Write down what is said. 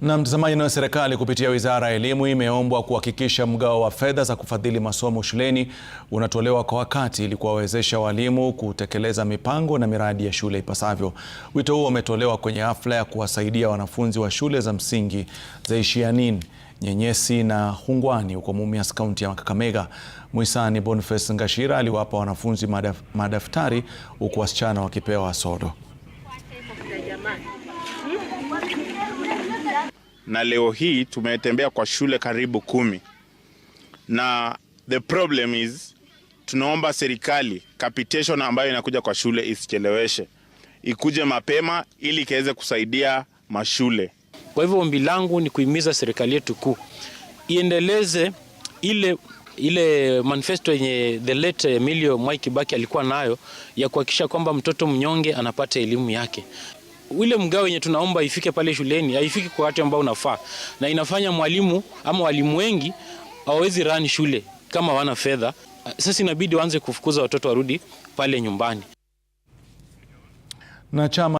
Na mtazamaji, nayo serikali kupitia wizara ya elimu imeombwa kuhakikisha mgao wa fedha za kufadhili masomo shuleni unatolewa kwa wakati ili kuwawezesha walimu kutekeleza mipango na miradi ya shule ipasavyo. Wito huo umetolewa kwenye hafla ya kuwasaidia wanafunzi wa shule za msingi za Ishianin, Nyenyesi na Hungwani huko Mumias, kaunti ya Kakamega. Mwisani Boniface Ngashira aliwapa wanafunzi madaf, madaftari huku wasichana wakipewa sodo na leo hii tumetembea kwa shule karibu kumi, na the problem is tunaomba serikali capitation ambayo inakuja kwa shule isicheleweshe, ikuje mapema ili ikaweze kusaidia mashule. Kwa hivyo ombi langu ni kuimiza serikali yetu kuu iendeleze ile ile manifesto yenye the late Emilio mwaikibaki alikuwa nayo ya kuhakikisha kwamba mtoto mnyonge anapata elimu yake ule mgao wenye tunaomba ifike pale shuleni haifiki kwa watu ambao unafaa, na inafanya mwalimu ama walimu wengi hawawezi run shule kama wana fedha. Sasa inabidi waanze kufukuza watoto warudi pale nyumbani na chama